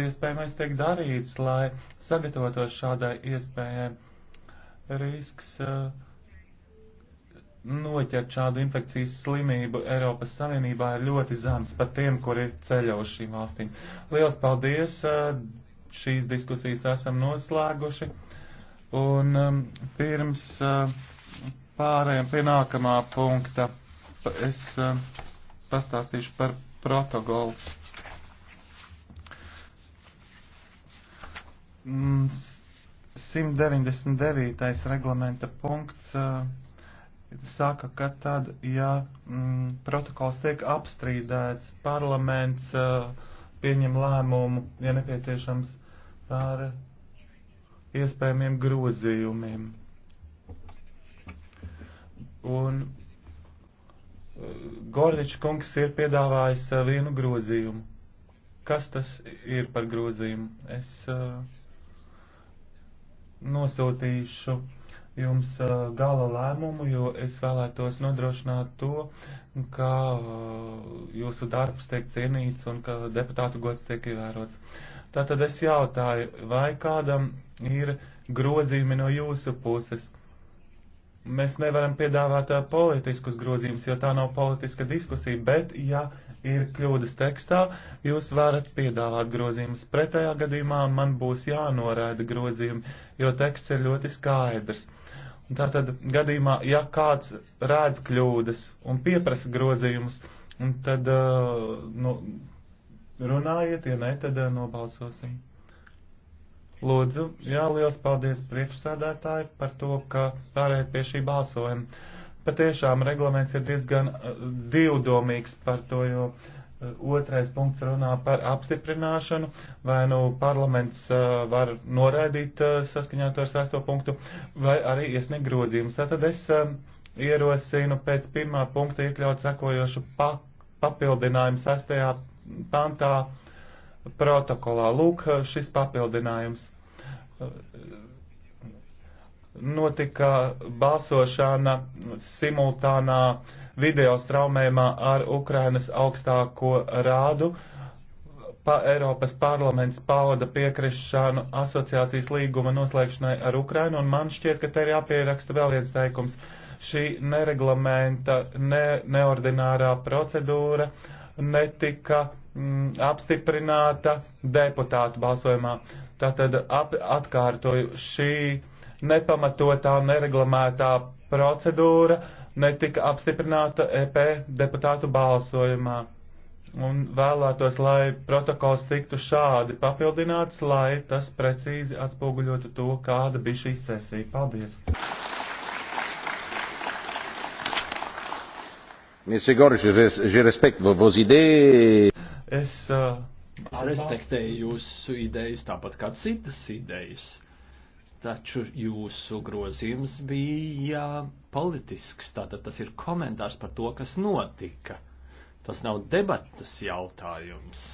iespējamais tiek darīts, lai sagatavotos šādai iespējai. Risks uh, noķert šādu infekcijas slimību Eiropas Savienībā ir ļoti zems pat tiem, kuri ceļo uz šīm valstīm. Lielas paldies! Eh, šīs diskusijas esam noslēguši. Un eh, pirms pārējiem pie nākamā punkta es pastāstīšu par protokolu. 199. Mm, reglamenta punkts uh, saka, ka tad, ja mm, protokols tiek apstrīdēts, parlaments uh, pieņem lēmumu, ja nepieciešams, par iespējamiem grozījumiem. Un uh, Gordičs kungs ir piedāvājis vienu grozījumu. Kas tas ir par grozījumu? Es uh, nosūtīšu jums uh, gala lēmumu, jo es vēlētos nodrošināt to, ka uh, jūsu darbs tiek cienīts un ka deputātu gods tiek ievērots. Tātad es jautāju, vai kādam ir grozījumi no jūsu puses? Mēs nevaram piedāvāt uh, politiskus grozījumus, jo tā nav politiska diskusija, bet, ja ir kļūdas tekstā, jūs varat piedāvāt grozījumus. Pretējā gadījumā man būs jānorēda grozījumi, jo teksts ir ļoti skaidrs. Tātad gadījumā, ja kāds rēdz kļūdas un pieprasa grozījumus, tad uh, nu, runājiet, ja ne, tad uh, nobalsosim. Lūdzu, jā, liels paldies priekšsēdētāji par to, ka pārējāt pie šī balsojuma. Patiešām reglaments ir diezgan uh, divdomīgs par to, jo uh, otrais punkts runā par apstiprināšanu, vai nu parlaments uh, var noraidīt saskaņā ar sesto punktu, vai arī iesniegt grozījumus. Tātad es um, ierosinu pēc pirmā punkta iekļaut sekojošu pa, papildinājumu sastajā pantā protokolā. Lūk, šis papildinājums. Notika balsošana simultānā video straumējumā ar Ukrainas augstāko rādu. Pa Eiropas parlaments pauda piekrišanu asociācijas līguma noslēgšanai ar Ukrainu, un man šķiet, ka te ir jāpieraksta vēl viens teikums. Šī nereglamenta, ne, neordinārā procedūra uh, netika mm, apstiprināta deputātu balsojumā. Tātad ap, atkārtoju, šī nepamatotā, nereglamētā procedūra netika apstiprināta EP deputātu balsojumā. Un vēlētos, lai protokols tiktu šādi papildināts, lai tas precīzi atspoguļotu to, kāda bija šī sesija. Paldies! Monsieur Gorge, je respecte vos idées. Es uh, respektēju jūsu idejas tāpat kā citas idejas, taču jūsu grozījums bija politisks, tātad tas ir komentārs par to, kas notika. Tas nav debatas jautājums.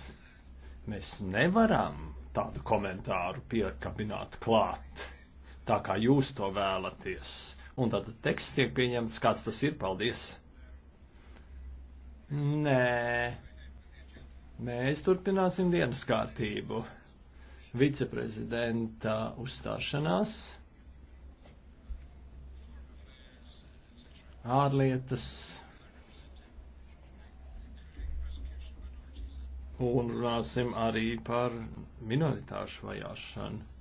Mēs nevaram tādu komentāru piekabināt klāt, tā kā jūs to vēlaties. Un tad teksts tiek pieņemts, kāds tas ir. Paldies! Nē, mēs turpināsim dienas kārtību. Viceprezidenta uzstāšanās, ārlietas un runāsim arī par minoritāšu vajāšanu.